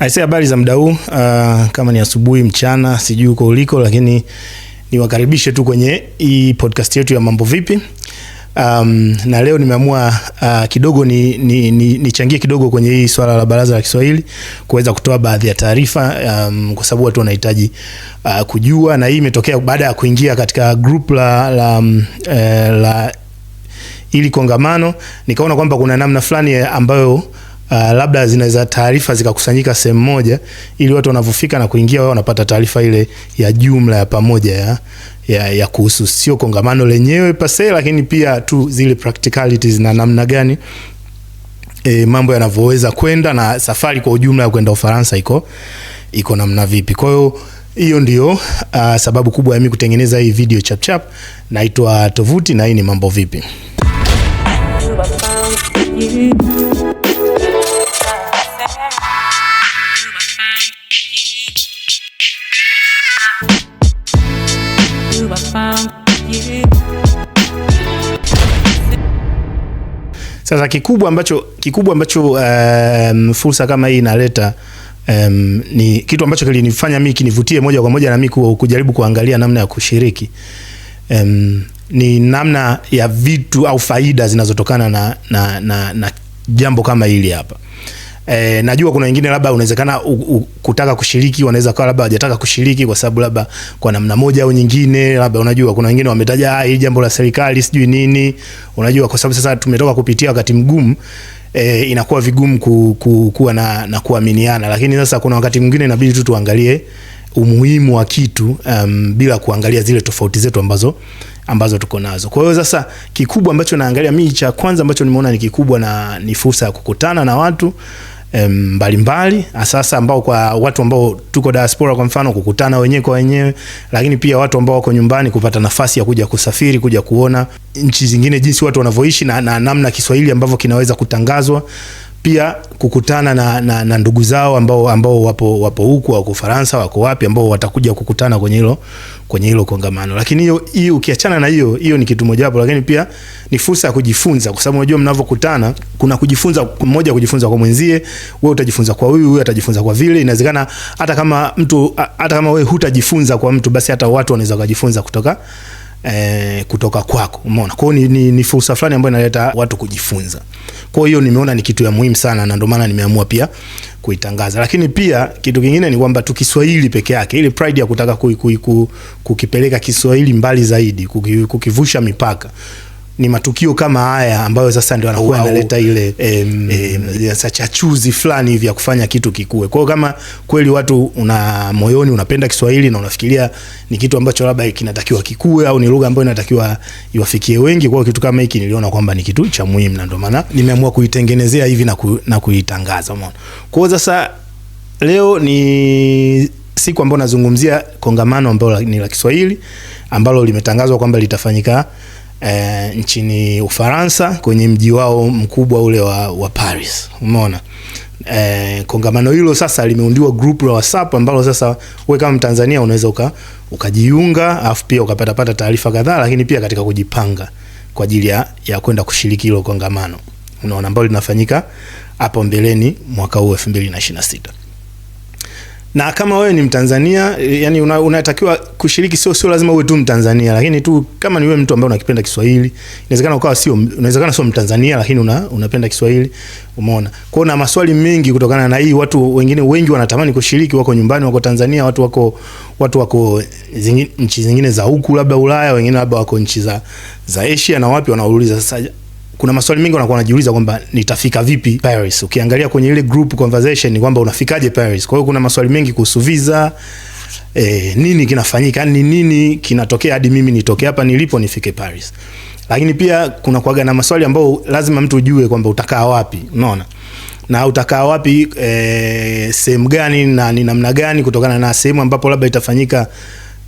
Aisee, habari za muda huu. Uh, kama ni asubuhi, mchana, sijui uko uliko, lakini niwakaribishe tu kwenye hii podcast yetu ya Mambo Vipi. Um, na leo nimeamua uh, kidogo ni, ni, ni, nichangie kidogo kwenye hii swala la Baraza la Kiswahili kuweza kutoa baadhi ya taarifa um, kwa sababu watu wanahitaji uh, kujua, na hii imetokea baada ya kuingia katika group la, la, um, eh, la ili kongamano, nikaona kwamba kuna namna fulani ambayo uh, labda zinaweza taarifa zikakusanyika sehemu moja, ili watu wanavyofika na kuingia wao wanapata taarifa ile ya jumla ya pamoja ya, ya, ya kuhusu sio kongamano lenyewe pase, lakini pia tu zile practicalities na namna gani e, mambo yanavyoweza kwenda na safari kwa ujumla ya kwenda Ufaransa iko iko namna vipi. Kwa hiyo hiyo ndio uh, sababu kubwa ya mimi kutengeneza hii video chap chap, Naitwa Tovuti na hii ni Mambo Vipi. Sasa kikubwa ambacho kikubwa ambacho um, fursa kama hii inaleta um, ni kitu ambacho kilinifanya mimi kinivutie moja kwa moja na mimi kujaribu kuangalia namna ya kushiriki um, ni namna ya vitu au faida zinazotokana na, na, na, na jambo kama hili hapa. E, najua kuna wengine labda unawezekana kutaka kushiriki, wanaweza kawa labda hawajataka kushiriki kwa sababu labda kwa namna moja au nyingine, labda unajua kuna wengine wametaja ah, hili jambo la serikali sijui nini, unajua kwa sababu sasa tumetoka kupitia wakati mgumu e, inakuwa vigumu ku, ku, kuwa na, na kuaminiana, lakini sasa kuna wakati mwingine inabidi tu tuangalie umuhimu wa kitu um, bila kuangalia zile tofauti zetu ambazo ambazo tuko nazo. Kwa hiyo sasa kikubwa ambacho naangalia mimi, cha kwanza ambacho nimeona ni kikubwa na ni fursa ya kukutana na watu mbalimbali sasa, ambao kwa watu ambao tuko diaspora, kwa mfano kukutana wenyewe kwa wenyewe, lakini pia watu ambao wako nyumbani kupata nafasi ya kuja kusafiri, kuja kuona nchi zingine, jinsi watu wanavyoishi na namna Kiswahili ambavyo kinaweza kutangazwa pia kukutana na, na, na ndugu zao ambao, ambao wapo wapo huku wako Faransa wako wapi ambao watakuja kukutana kwenye hilo kwenye hilo kongamano. Lakini hiyo hii ukiachana na hiyo hiyo ni kitu mojawapo, lakini pia ni fursa ya kujifunza, kwa sababu unajua mnavyokutana kuna kujifunza, mmoja kujifunza kwa mwenzie, wewe utajifunza kwa huyu, huyu atajifunza kwa vile. Inawezekana hata kama mtu hata kama wewe hutajifunza kwa mtu, basi hata watu wanaweza kujifunza kutoka eh, kutoka kwako, umeona. Kwa hiyo ni, ni, ni fursa fulani ambayo inaleta watu kujifunza. Kwa hiyo nimeona ni kitu ya muhimu sana, na ndio maana nimeamua pia kuitangaza. Lakini pia kitu kingine ni kwamba tukiswahili peke yake, ile pride ya kutaka kukipeleka Kiswahili mbali zaidi, kukivusha mipaka ni matukio kama haya ambayo sasa ndio anakuwa analeta ile chachuzi fulani hivi ya kufanya kitu kikue. Kwa hiyo kama kweli watu una moyoni unapenda Kiswahili na unafikiria ni kitu ambacho labda kinatakiwa kikue au ni lugha ambayo inatakiwa iwafikie wengi, kwa kitu kama hiki niliona kwamba ni kitu cha muhimu, na ndio maana nimeamua kuitengenezea hivi na, ku, na kuitangaza. Umeona? Kwa hiyo sasa leo ni siku ambayo nazungumzia kongamano ambalo ni la Kiswahili ambalo limetangazwa kwamba litafanyika e, nchini Ufaransa kwenye mji wao mkubwa ule wa, wa Paris. Umeona? E, kongamano hilo sasa limeundiwa group la WhatsApp ambalo sasa we kama Mtanzania unaweza uka, ukajiunga afu pia ukapatapata taarifa kadhaa, lakini pia katika kujipanga kwa ajili ya, ya kwenda kushiriki hilo kongamano unaona, ambalo linafanyika hapo mbeleni mwaka huu 2026 na kama wewe ni Mtanzania yani unatakiwa una kushiriki, sio sio lazima uwe tu Mtanzania, lakini tu kama ni wewe mtu ambaye unakipenda Kiswahili, inawezekana ukawa sio, inawezekana sio Mtanzania, lakini una, unapenda Kiswahili, umeona. Kwa na maswali mengi kutokana na hii, watu wengine wengi wanatamani kushiriki, wako nyumbani, wako Tanzania, watu wako watu wako zingine, nchi zingine za huku labda Ulaya, wengine labda wako nchi za za Asia na wapi, wanauliza sasa kuna maswali mengi wanakuwa wanajiuliza kwamba nitafika vipi Paris. Ukiangalia kwenye ile group conversation ni kwamba unafikaje Paris. Kwa hiyo kuna maswali mengi kuhusu visa e, nini kinafanyika, yani nini kinatokea hadi mimi nitoke hapa nilipo nifike Paris. Lakini pia kuna kuaga na maswali ambayo lazima mtu ujue kwamba utakaa wapi, unaona na utakaa wapi e, sehemu gani na ni namna gani, kutokana na sehemu ambapo labda itafanyika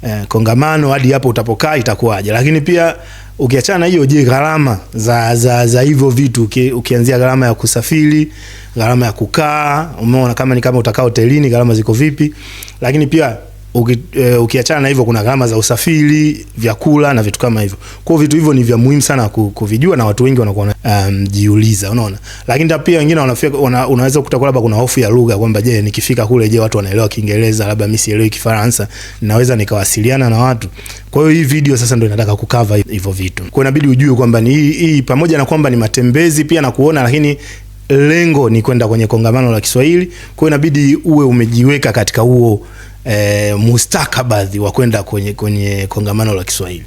e, kongamano hadi hapo utapokaa itakuwaje, lakini pia ukiachana na hiyo, je, gharama za za za hivyo vitu uki, ukianzia gharama ya kusafiri, gharama ya kukaa, umeona kama ni kama utakaa hotelini, gharama ziko vipi? Lakini pia E, ukiachana e, uki na hivyo kuna gharama za usafiri, vyakula na vitu kama hivyo. Kwa vitu hivyo ni vya muhimu sana kuvijua na watu wengi wanakuwa wanajiuliza, um, unaona. Lakini pia wengine wanafika una, unaweza kukuta labda kuna hofu ya lugha kwamba je, nikifika kule je watu wanaelewa Kiingereza labda mimi sielewi Kifaransa, naweza nikawasiliana na watu. Kwa hiyo hii video sasa ndio inataka kukava hivyo vitu. Kwa inabidi ujue kwamba ni hii, hii pamoja na kwamba ni matembezi pia na kuona lakini lengo ni kwenda kwenye kongamano la Kiswahili. Kwa hiyo inabidi uwe umejiweka katika huo e, mustakabadhi wa kwenda kwenye, kwenye kongamano la Kiswahili.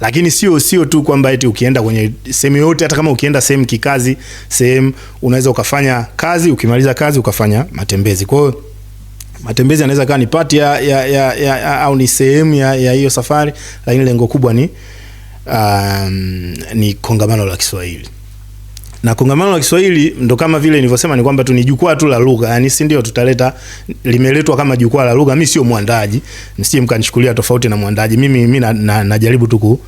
Lakini sio sio tu kwamba eti ukienda kwenye sehemu yoyote, hata kama ukienda sehemu kikazi, sehemu unaweza ukafanya kazi, ukimaliza kazi ukafanya matembezi. Kwa hiyo matembezi yanaweza kawa ni pati ya, ya, ya, ya, au ni sehemu ya, ya hiyo safari, lakini lengo kubwa ni um, ni kongamano la Kiswahili na kongamano la Kiswahili ndo kama vile nilivyosema, ni kwamba tu ni jukwaa tu la lugha, yani si ndio tutaleta, limeletwa kama jukwaa la lugha. Mimi sio mwandaji, msije mkanichukulia tofauti na mwandaji. Mimi mimi na, na, na tu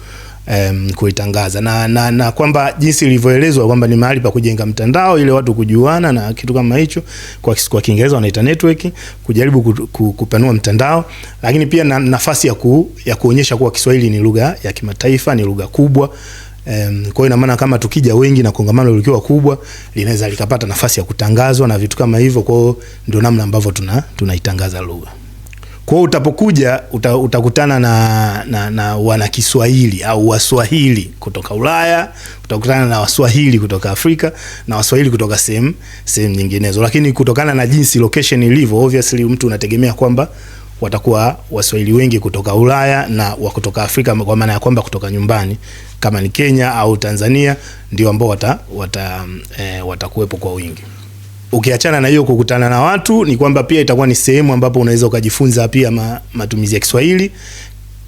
um, kuitangaza na, na, na kwamba jinsi ilivyoelezwa kwamba ni mahali pa kujenga mtandao ile watu kujuana na kitu kama hicho, kwa kwa Kiingereza wanaita network, kujaribu ku, ku, kupanua mtandao, lakini pia na, nafasi ya, ku, ya kuonyesha kuwa Kiswahili ni lugha ya kimataifa, ni lugha kubwa Um, kwa hiyo ina maana kama tukija wengi na kongamano likiwa kubwa linaweza likapata nafasi ya kutangazwa na vitu kama hivyo. Kwa hiyo ndio namna ambavyo tuna tunaitangaza lugha. Kwa hiyo utapokuja uta, utakutana na, na, na wana Kiswahili au Waswahili kutoka Ulaya, utakutana na Waswahili kutoka Afrika na Waswahili kutoka sehemu sehemu nyinginezo, lakini kutokana na jinsi location ilivyo, obviously mtu unategemea kwamba watakuwa Waswahili wengi kutoka Ulaya na wa kutoka Afrika, kwa maana ya kwamba kutoka nyumbani kama ni Kenya au Tanzania, ndio ambao wata, wata, e, watakuwepo kwa wingi. Ukiachana na hiyo kukutana na watu, ni kwamba pia itakuwa ni sehemu ambapo unaweza ukajifunza pia matumizi ya Kiswahili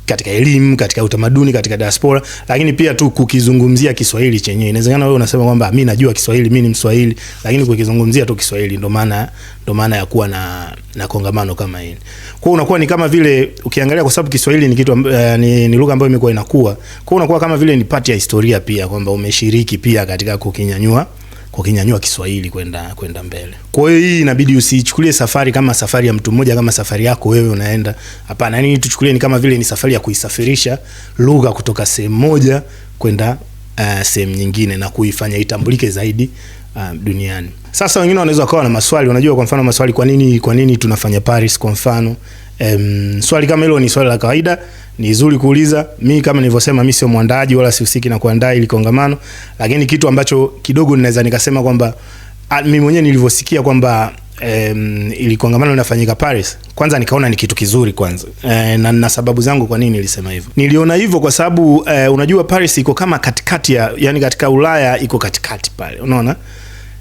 katika elimu, katika utamaduni, katika diaspora, lakini pia tu kukizungumzia Kiswahili chenyewe. Inawezekana wewe unasema kwamba mimi najua Kiswahili, mimi ni Mswahili, lakini kukizungumzia tu Kiswahili ndo maana ndo maana ya kuwa na na kongamano kama hili. Kwa hiyo unakuwa ni kama vile ukiangalia, kwa sababu Kiswahili ni kitu uh, ni, ni lugha ambayo imekuwa inakuwa. Kwa hiyo unakuwa kama vile ni pati ya historia pia kwamba umeshiriki pia katika kukinyanyua kinyanyua Kiswahili kwenda kwenda mbele. Kwa hiyo hii inabidi usiichukulie safari kama safari ya mtu mmoja, kama safari yako wewe unaenda. Hapana, yani tuchukulie ni kama vile ni safari ya kuisafirisha lugha kutoka sehemu moja kwenda uh, sehemu nyingine na kuifanya itambulike zaidi uh, duniani. Sasa wengine wanaweza wakawa na maswali, unajua kwa mfano maswali, kwa nini kwa nini tunafanya Paris kwa mfano? Um, swali kama hilo ni swali la kawaida, ni zuri kuuliza. Mi kama nilivyosema, mi sio mwandaji wala sihusiki na kuandaa ili kongamano, lakini kitu ambacho kidogo ninaweza nikasema kwamba mimi mwenyewe nilivyosikia kwamba um, ili kongamano linafanyika Paris, kwanza nikaona ni kitu kizuri kwanza e, na na sababu zangu kwa nini nilisema hivyo. Niliona hivyo kwa sababu e, unajua Paris iko kama katikati ya, yani katika Ulaya iko katikati pale, unaona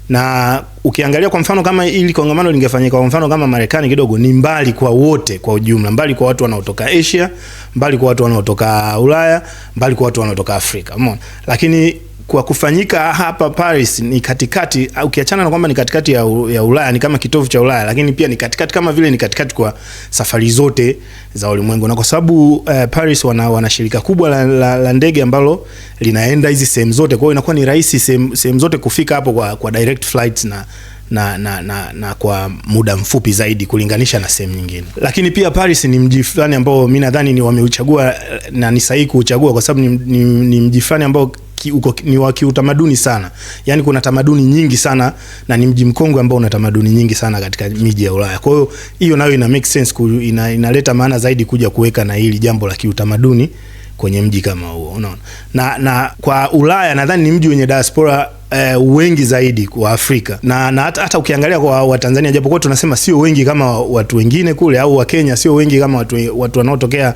na ukiangalia kwa mfano kama ili kongamano lingefanyika kwa mfano kama Marekani, kidogo ni mbali kwa wote kwa ujumla, mbali kwa watu wanaotoka Asia, mbali kwa watu wanaotoka Ulaya, mbali kwa watu wanaotoka Afrika, umeona. Lakini kwa kufanyika hapa Paris ni katikati, ukiachana na kwamba ni katikati ya, ya Ulaya ni kama kitovu cha Ulaya, lakini pia ni katikati kama vile ni katikati kwa safari zote za ulimwengu, na kwa sababu uh, Paris wana, wana shirika kubwa la, la, la ndege ambalo linaenda hizi sehemu zote, kwa hiyo inakuwa ni rahisi sehemu zote kufika hapo kwa, kwa direct flights na na, na, na, na kwa muda mfupi zaidi kulinganisha na sehemu nyingine. Lakini pia Paris ni mji fulani ambao mimi nadhani ni wameuchagua na ni sahihi kuuchagua kwa sababu ni, ni, ni mji fulani ambao ki, uko, ni wa kiutamaduni sana. Yaani kuna tamaduni nyingi sana na ni mji mkongwe ambao una tamaduni nyingi sana katika miji ya Ulaya. Kwa hiyo hiyo nayo ina make sense ina, inaleta maana zaidi kuja kuweka na hili jambo la kiutamaduni kwenye mji kama huo, unaona. Na na kwa Ulaya nadhani ni mji wenye diaspora Uh, wengi zaidi wa Afrika na, na hata, hata ukiangalia kwa Watanzania japokuwa tunasema sio wengi kama watu wengine kule au Wakenya sio wengi kama watu, watu wanaotokea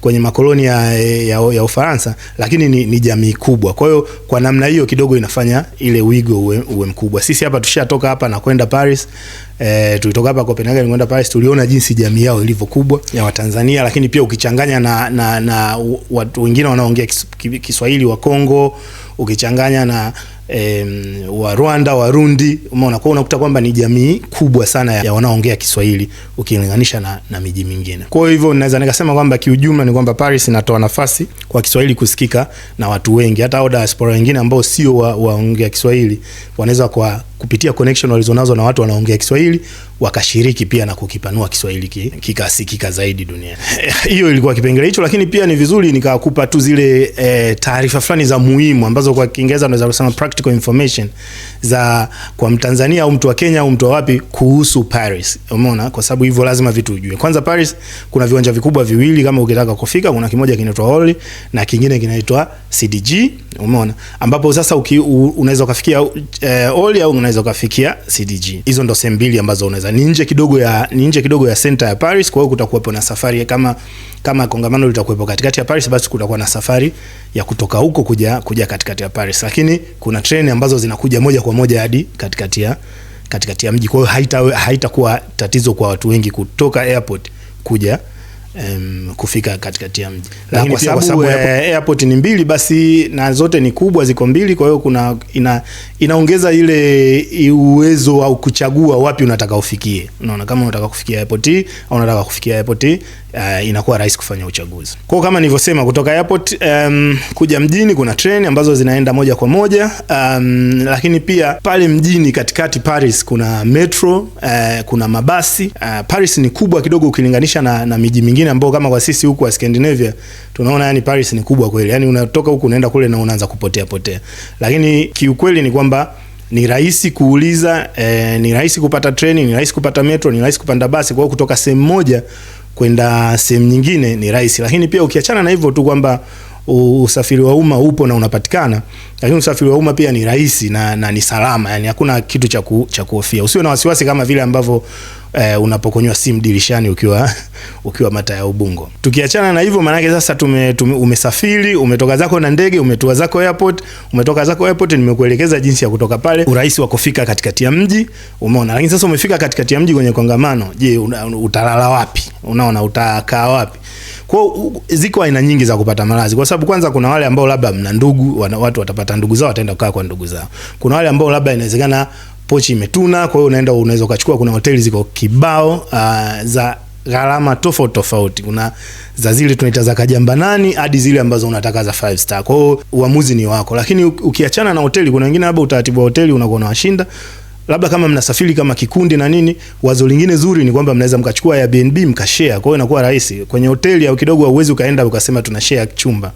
kwenye makoloni ya, ya, ya Ufaransa, lakini ni, ni jamii kubwa. Kwa hiyo kwa namna hiyo kidogo inafanya ile wigo uwe, uwe mkubwa. Sisi hapa tushatoka hapa na kwenda Paris e, tulitoka hapa Copenhagen kwenda Paris, tuliona jinsi jamii yao ilivyo kubwa ya Watanzania, lakini pia ukichanganya na, na, na watu wengine wanaongea Kiswahili wa Kongo, ukichanganya na e, wa Rwanda, Warundi. Umeona, kwao, unakuta kwamba ni jamii kubwa sana ya wanaoongea Kiswahili ukilinganisha na, na miji mingine. Kwa hivyo naweza nikasema kwamba kiujumla ni kwamba Paris inatoa nafasi kwa Kiswahili kusikika na watu wengi, hata au diaspora wengine ambao sio waongea wa Kiswahili wanaweza kwa kupitia connection walizonazo na watu wanaongea Kiswahili wakashiriki pia na kukipanua Kiswahili kikasikika zaidi duniani. Hiyo ilikuwa kipengele hicho, lakini pia ni vizuri nikakupa tu zile e, taarifa fulani za muhimu ambazo kwa Kiingereza tunaweza kusema practical information za kwa Mtanzania au mtu wa Kenya au mtu wa wapi kuhusu Paris. Umeona, kwa sababu hivyo lazima vitu ujue. Kwanza Paris kuna viwanja vikubwa viwili kama ukitaka kufika, kuna kimoja kinaitwa Orly na kingine kinaitwa CDG. Umeona, ambapo sasa unaweza ukafikia e, Orly au unaweza ukafikia CDG. Hizo ndo sehemu mbili ambazo unaweza ni nje kidogo ya ni nje kidogo ya center ya Paris, kwa hiyo kutakuwepo na safari kama kama kongamano litakuwepo katikati ya Paris, basi kutakuwa na safari ya kutoka huko kuja kuja katikati ya Paris, lakini kuna treni ambazo zinakuja moja kwa moja hadi katikati ya katikati ya mji, kwa hiyo haitakuwa haita tatizo kwa watu wengi kutoka airport kuja Um, kufika katikati ya mji kwa sababu eh, airport ni mbili, basi na zote ni kubwa, ziko mbili. Kwa hiyo kuna ina, inaongeza ile uwezo wa kuchagua wapi unataka ufikie. Unaona, kama unataka kufikia airport au unataka kufikia airport uh, inakuwa rahisi kufanya uchaguzi. Kwa kama nilivyosema, kutoka airport um, kuja mjini kuna treni ambazo zinaenda moja kwa moja um, lakini pia pale mjini katikati Paris kuna metro uh, kuna mabasi uh, Paris ni kubwa kidogo ukilinganisha na, na miji mingine ambayo kama kwa sisi huku wa Scandinavia tunaona yani Paris ni kubwa kweli, yani unatoka huku unaenda kule na unaanza kupotea potea, lakini kiukweli ni kwamba ni rahisi kuuliza eh, ni rahisi kupata treni, ni rahisi kupata metro, ni rahisi kupanda basi. Kwa hiyo kutoka sehemu moja kwenda sehemu nyingine ni rahisi, lakini pia ukiachana na hivyo tu kwamba usafiri wa umma upo na unapatikana lakini usafiri wa umma pia ni rahisi na, na ni salama, yani hakuna kitu cha ku, cha kuhofia. Usiwe na wasiwasi kama vile ambavyo eh, unapokonywa simu dirishani ukiwa ukiwa Mata ya Ubungo. Tukiachana na hivyo, maanake sasa tume, tume, umesafiri umetoka zako na ndege, umetua zako airport, umetoka zako airport, nimekuelekeza jinsi ya kutoka pale, urahisi wa kufika katikati ya mji umeona. Lakini sasa umefika katikati ya mji kwenye kongamano, je, utalala wapi? Unaona, utakaa wapi? Kwa ziko aina nyingi za kupata malazi, kwa sababu kwanza kuna wale ambao labda mna ndugu watu watapata hata ndugu zao wataenda kukaa kwa ndugu zao. Kuna wale ambao labda inawezekana pochi imetuna, kwa hiyo unaenda unaweza ukachukua. Kuna hoteli ziko kibao uh, za gharama tofauti tofauti. Kuna za zile tunaita za kajamba nani hadi zile ambazo unataka za five star. Kwa hiyo uamuzi ni wako, lakini ukiachana na hoteli, kuna wengine labda utaratibu wa hoteli unakuwa unawashinda labda kama mnasafiri kama kikundi na nini, wazo lingine zuri ni kwamba mnaweza mkachukua Airbnb mkashare. Kwa hiyo inakuwa rahisi. Kwenye hoteli au kidogo uwezi ukaenda ukasema tuna share chumba,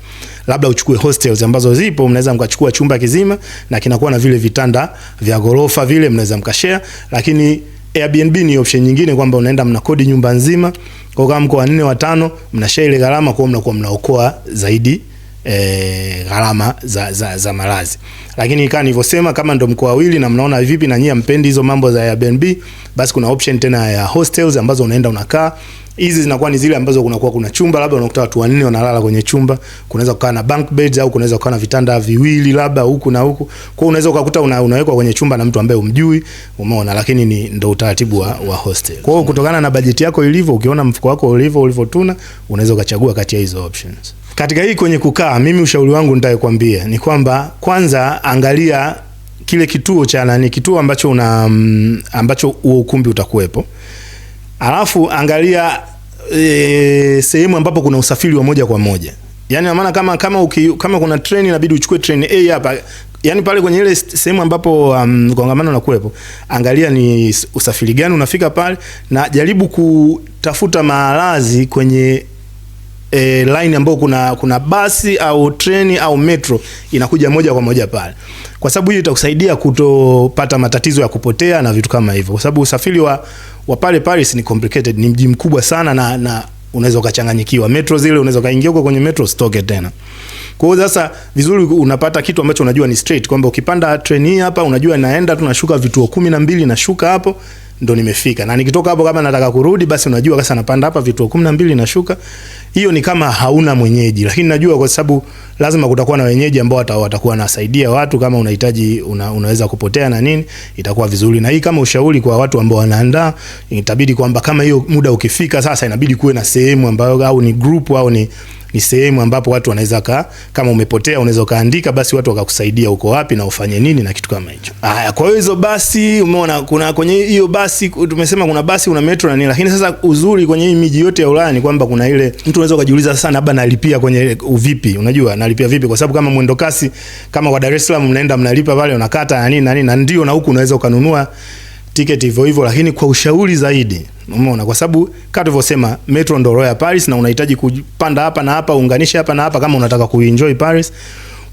labda uchukue hostels ambazo zipo, mnaweza mkachukua chumba kizima na kinakuwa na vile vitanda vya gorofa vile, mnaweza mkashare. Lakini Airbnb ni option nyingine kwamba unaenda mnakodi nyumba nzima, kwa kama mko wanne watano, mnashare ile gharama, kwa hiyo mnakuwa mnaokoa zaidi e, gharama za, za, za malazi. Lakini kama nilivyosema, kama ndo mkoa wili na mnaona vipi na nyinyi mpendi hizo mambo za Airbnb, basi kuna option tena ya hostels ambazo unaenda unakaa. Hizi zinakuwa ni zile ambazo kunakuwa kuna chumba labda unakuta watu wanne wanalala kwenye chumba, kunaweza kukaa na bunk beds au kunaweza kukaa na vitanda viwili labda huku na huku. Kwa unaweza ukakuta una, unawekwa kwenye chumba na mtu ambaye umjui, umeona, lakini ni ndo utaratibu wa, wa hostel. Kwa hiyo kutokana na bajeti yako ilivyo, ukiona mfuko wako ulivyo ulivyotuna, unaweza ukachagua kati ya hizo options. Katika hii kwenye kukaa, mimi ushauri wangu nitakwambia ni kwamba kwanza angalia kile kituo cha nani, kituo ambacho una mm, ambacho huo ukumbi utakuwepo, alafu angalia e, sehemu ambapo kuna usafiri wa moja kwa moja. Yani maana kama kama uki, kama kuna treni inabidi uchukue treni A hapa yani pale kwenye ile sehemu ambapo um, kongamano um, unakuwepo, angalia ni usafiri gani unafika pale, na jaribu kutafuta malazi kwenye e, line ambayo kuna kuna basi au treni au metro inakuja moja kwa moja pale, kwa sababu hiyo itakusaidia kutopata matatizo ya kupotea na vitu kama hivyo, kwa sababu usafiri wa, wa pale Paris ni complicated, ni mji mkubwa sana na, na unaweza ukachanganyikiwa. Metro zile unaweza ukaingia huko kwenye metro stoke tena. Kwa hiyo sasa vizuri unapata kitu ambacho unajua ni straight kwamba ukipanda treni hii hapa unajua naenda tu nashuka vituo kumi na mbili nashuka hapo ndo nimefika. Na nikitoka hapo kama nataka kurudi basi unajua sasa napanda hapa vituo kumi na mbili nashuka. Hiyo ni kama hauna mwenyeji, lakini najua kwa sababu lazima kutakuwa na wenyeji ambao watakuwa wanasaidia watu kama unahitaji una, unaweza kupotea na nini, itakuwa vizuri. Na hii kama ushauri kwa watu ambao wanaandaa, itabidi kwamba kama hiyo muda ukifika sasa inabidi kuwe na sehemu ambayo au ni group au ni ni sehemu ambapo watu wanaweza ka, kama umepotea unaweza kaandika, basi watu wakakusaidia uko wapi na ufanye nini na kitu kama hicho. Haya, kwa hiyo hizo basi umeona kuna kwenye hiyo basi tumesema kuna basi una metro na nini, lakini sasa uzuri kwenye hii miji yote ya Ulaya ni kwamba kuna ile mtu unaweza ukajiuliza sasa, labda nalipia kwenye uvipi? Unajua nalipia vipi? Kwa sababu kama mwendo kasi kama wa Dar es Salaam mnaenda mnalipa pale unakata na nini na nini, na ndio na huku unaweza ukanunua tiketi hivyo hivyo, lakini kwa ushauri zaidi. Umeona, kwa sababu kama tulivyosema metro ndo roho ya Paris, na unahitaji kupanda hapa na hapa, uunganishe hapa na hapa, kama unataka kuenjoy Paris.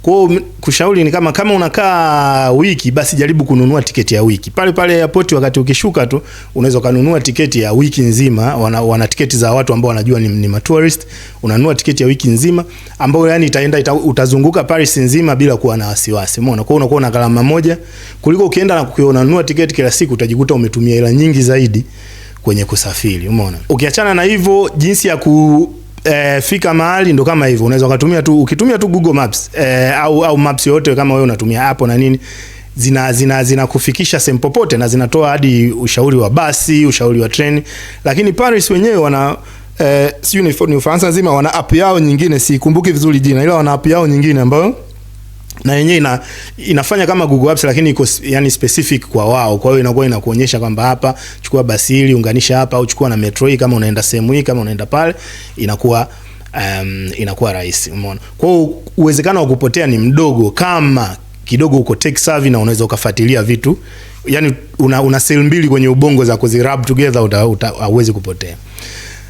Kwa kushauri ni kama kama unakaa wiki, basi jaribu kununua tiketi ya wiki pale pale airport. Wakati ukishuka tu unaweza kununua tiketi ya wiki nzima. Wana, wana tiketi za watu ambao wanajua ni, ni matourist. Unanunua tiketi ya wiki nzima ambayo yani itaenda ita, utazunguka Paris nzima bila kuwa na wasiwasi. Umeona, kwa unakuwa na gharama moja kuliko ukienda na kununua tiketi kila siku, utajikuta umetumia hela nyingi zaidi kwenye kusafiri. Umeona, ukiachana na hivyo jinsi ya ku Eh, fika mahali ndo kama hivyo, unaweza ukatumia tu ukitumia tu Google Maps eh, au au maps yoyote kama wewe unatumia hapo na nini, zina zina zinakufikisha sehemu popote na zinatoa hadi ushauri wa basi, ushauri wa treni. Lakini Paris wenyewe wana eh, si ni Ufaransa nzima wana app yao nyingine, sikumbuki vizuri jina, ila wana app yao nyingine ambayo na yenyewe ina, inafanya kama Google Apps lakini iko yani specific kwa wao. Kwa hiyo inakuwa inakuonyesha kwamba hapa chukua basi hili unganisha hapa, au chukua na metro hii kama unaenda sehemu hii, kama unaenda pale, inakuwa um, inakuwa rahisi. Umeona, kwa hiyo uwezekano wa kupotea ni mdogo kama kidogo uko tech savvy na unaweza ukafuatilia vitu yani, una, una mbili kwenye ubongo za kuzirub together, hauwezi kupotea.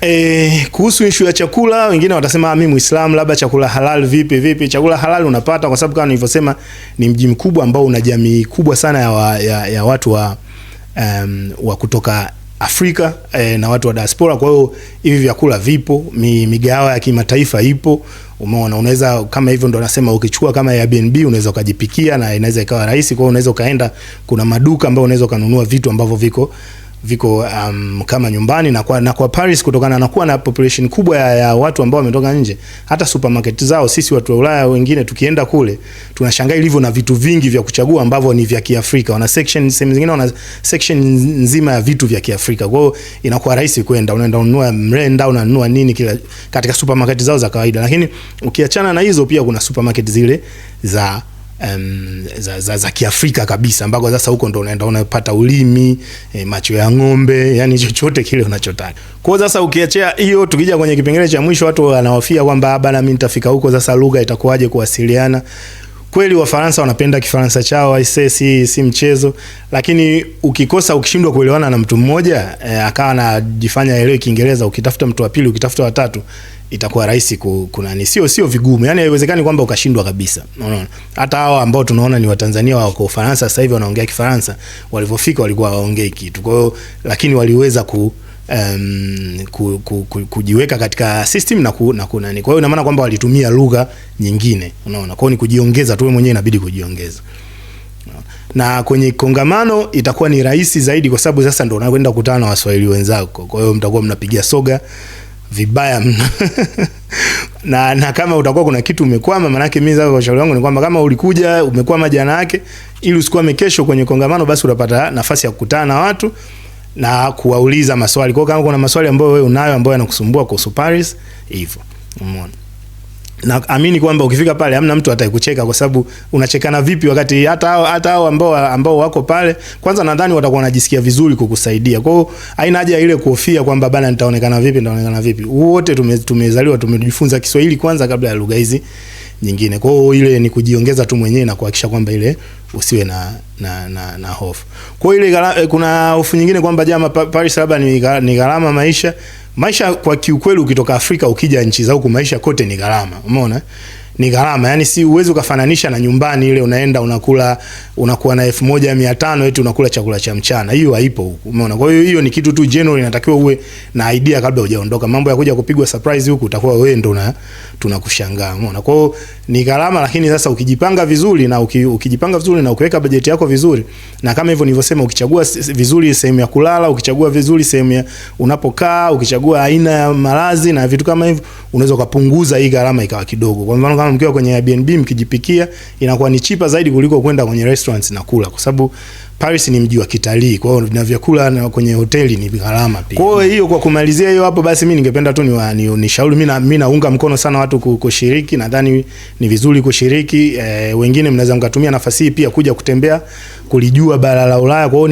E, kuhusu ishu ya chakula, wengine watasema mimi ah, Muislamu, labda chakula halal vipi vipi? Chakula halal unapata kwa sababu kama nilivyosema, ni mji mkubwa ambao una jamii kubwa sana ya, wa, ya, ya watu wa, um, wa kutoka Afrika e, na watu wa diaspora. Kwa hiyo hivi vyakula vipo, mi, migawa ya kimataifa ipo, umeona. Unaweza kama hivyo, ndo nasema ukichukua kama Airbnb unaweza ukajipikia na inaweza ikawa rahisi. Kwa hiyo unaweza ukaenda, kuna maduka ambayo unaweza ukanunua vitu ambavyo viko viko um, kama nyumbani na kwa, na kwa Paris kutokana na kuwa na population kubwa ya, ya watu ambao wametoka nje, hata supermarket zao sisi watu wa Ulaya wengine tukienda kule tunashangaa ilivyo na vitu vingi vya kuchagua ambavyo ni vya Kiafrika. Wana section sehemu zingine wana section nzima ya vitu vya Kiafrika, kwa hiyo inakuwa rahisi kwenda, unaenda ununua mrenda, unanunua nini kila katika supermarket zao za kawaida. Lakini ukiachana na hizo, pia kuna supermarket zile za um, za, za, za Kiafrika kabisa, ambako sasa huko ndo unaenda unapata ulimi e, macho ya ng'ombe, yani chochote kile unachotaka. Kwa sasa ukiachea hiyo, tukija kwenye kipengele cha mwisho, watu wanahofia kwamba ah, bana, mimi nitafika huko sasa, lugha itakuwaje kuwasiliana? Kweli Wafaransa wanapenda Kifaransa chao aise, si, si mchezo, lakini ukikosa ukishindwa kuelewana na mtu mmoja e, akawa anajifanya elewe Kiingereza, ukitafuta mtu wa pili, ukitafuta watatu itakuwa rahisi kunani, sio sio vigumu, yani haiwezekani kwamba ukashindwa kabisa. Unaona, hata hao ambao tunaona ni Watanzania wa kwa Ufaransa sasa hivi wanaongea Kifaransa, walivyofika walikuwa hawaongei kitu. Kwa hiyo lakini waliweza ku Um, ku, ku, ku, kujiweka katika system na ku, na kunani. Kwa hiyo ina maana kwamba walitumia lugha nyingine, unaona. Kwa hiyo ni kujiongeza tu, wewe mwenyewe inabidi kujiongeza na kwenye kongamano itakuwa ni rahisi zaidi, kwa sababu sasa ndo unakwenda kukutana na Waswahili wenzako, kwa hiyo mtakuwa mnapigia soga vibaya mno na, na kama utakuwa kuna kitu umekwama, maanake mi zako ashauri wangu ni kwamba kama ulikuja umekwama jana yake, ili usikwame kesho kwenye kongamano, basi utapata nafasi ya kukutana na watu na kuwauliza maswali. Kwa kama kuna maswali ambayo wewe unayo ambayo yanakusumbua kuhusu Paris, hivyo umeona naamini kwamba ukifika pale hamna mtu atakucheka kwa sababu unachekana vipi wakati hata hao hata hao ambao ambao wako pale, kwanza nadhani watakuwa wanajisikia vizuri kukusaidia. Kwa hiyo haina haja ile kuhofia kwamba bana, nitaonekana vipi, nitaonekana vipi. Wote tume, tumezaliwa tumejifunza Kiswahili kwanza kabla ya lugha hizi nyingine. Kwa hiyo ile ni kujiongeza tu mwenyewe na kuhakikisha kwamba ile usiwe na na na, na hofu. Kwa hiyo ile kuna hofu nyingine kwamba jamaa Paris labda ni gharama maisha maisha kwa kiukweli, ukitoka Afrika ukija nchi za huku maisha kote ni gharama, umeona ni gharama. yani, si uwezi ukafananisha na nyumbani ile unaenda unakula unakuwa na 1500 eti unakula chakula cha mchana. Hiyo haipo huku. Umeona? Kwa hiyo hiyo ni kitu tu general inatakiwa uwe na idea kabla hujaondoka. Mambo ya kuja kupigwa surprise huku utakuwa wewe ndo na tunakushangaa. Umeona? Kwa hiyo ni gharama, lakini sasa ukijipanga vizuri na uki, ukijipanga vizuri na ukiweka bajeti yako vizuri na kama hivyo nilivyosema, ukichagua vizuri sehemu ya kulala, ukichagua vizuri sehemu ya unapokaa, ukichagua aina ya malazi na vitu kama hivyo unaweza kupunguza hii gharama ikawa kidogo. Kwa mfano mfano mkiwa kwenye Airbnb mkijipikia inakuwa ni chipa zaidi kuliko kwenda kwenye restaurants na kula, kwa sababu Paris ni mji wa kitalii, kwa hiyo na vyakula na kwenye hoteli ni gharama pia. Kwa hiyo kwa kumalizia hiyo hapo, basi mimi ningependa tu nishauri, ni, ni mimi naunga mkono sana watu kushiriki, nadhani ni vizuri kushiriki. E, wengine mnaweza mkatumia nafasi hii pia kuja kutembea kulijua bara la Ulaya. Kwa hiyo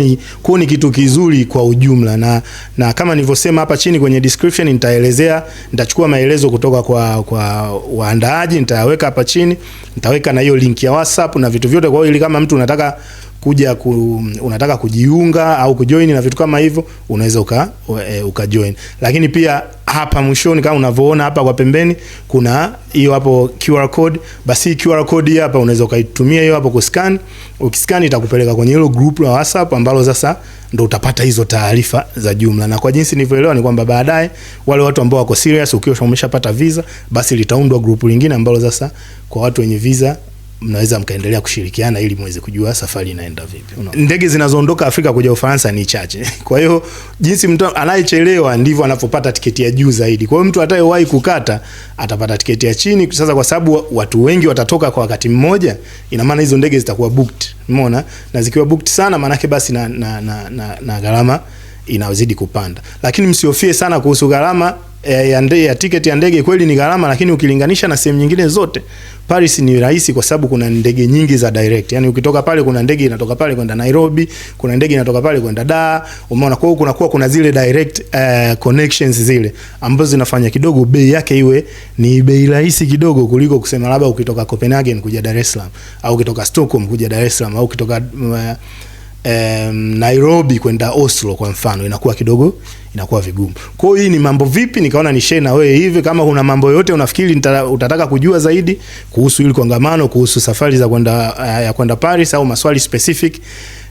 ni, ni kitu kizuri kwa ujumla, na, na kama nilivyosema hapa chini kwenye description nitaelezea, nitachukua maelezo kutoka kwa kwa waandaaji, nitaweka hapa chini, nitaweka na hiyo link ya WhatsApp na vitu vyote. Kwa hiyo ili kama mtu unataka kuja ku, unataka kujiunga au kujoin na vitu kama hivyo unaweza uka, e, uka join. Lakini pia hapa mwishoni kama unavyoona hapa kwa pembeni kuna hiyo hapo QR code, basi QR code hii hapa unaweza ukaitumia hiyo hapo kuscan. Ukiscan itakupeleka kwenye hilo group la WhatsApp ambalo sasa ndo utapata hizo taarifa za jumla. Na kwa jinsi nilivyoelewa ni kwamba baadaye wale watu ambao wako serious, ukiwa umeshapata visa, basi litaundwa group lingine ambalo sasa kwa watu wenye visa mnaweza mkaendelea kushirikiana ili mweze kujua safari inaenda vipi. No. Ndege zinazoondoka Afrika kuja Ufaransa ni chache. Kwa hiyo jinsi mtu anayechelewa ndivyo anapopata tiketi ya juu zaidi. Kwa hiyo mtu atayewahi kukata atapata tiketi ya chini. Sasa kwa sababu watu wengi watatoka kwa wakati mmoja, ina maana hizo ndege zitakuwa booked. Umeona? Na zikiwa booked sana maana yake basi na na na, na, na gharama inazidi kupanda. Lakini msiofie sana kuhusu gharama Eh, ya, ya ya tiketi ya ndege kweli ni gharama, lakini ukilinganisha na sehemu nyingine zote Paris ni rahisi kwa sababu kuna ndege nyingi za direct. Yaani ukitoka pale kuna ndege inatoka pale kwenda Nairobi, kuna ndege inatoka pale kwenda Dar. Umeona, kwa hiyo kuna kuwa kuna zile direct uh, connections zile ambazo zinafanya kidogo bei yake iwe ni bei rahisi kidogo kuliko kusema labda ukitoka Copenhagen kuja Dar es Salaam au ukitoka Stockholm kuja Dar es Salaam au ukitoka uh, um, Nairobi kwenda Oslo kwa mfano inakuwa kidogo inakuwa vigumu. Kwa hiyo hii ni mambo vipi, nikaona ni share na wewe hivi. Kama kuna mambo yote unafikiri utataka kujua zaidi kuhusu hili kongamano, kuhusu safari za kwenda eh, ya kwenda Paris au maswali specific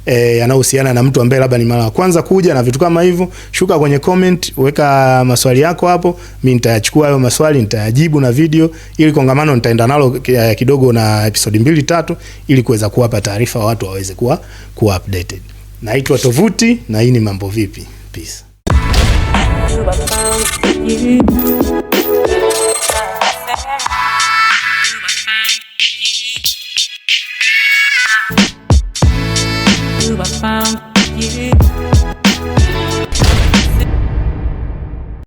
e, yanayohusiana na mtu ambaye labda ni mara ya kwanza kuja na vitu kama hivyo, shuka kwenye comment, weka maswali yako hapo, mimi nitayachukua hayo maswali nitayajibu na video, ili kongamano nitaenda nalo eh, kidogo na episode mbili tatu, ili kuweza kuwapa taarifa watu waweze kuwa, kuwa updated. Naitwa Tovuti na hii ni Mambo Vipi. Peace. I found you.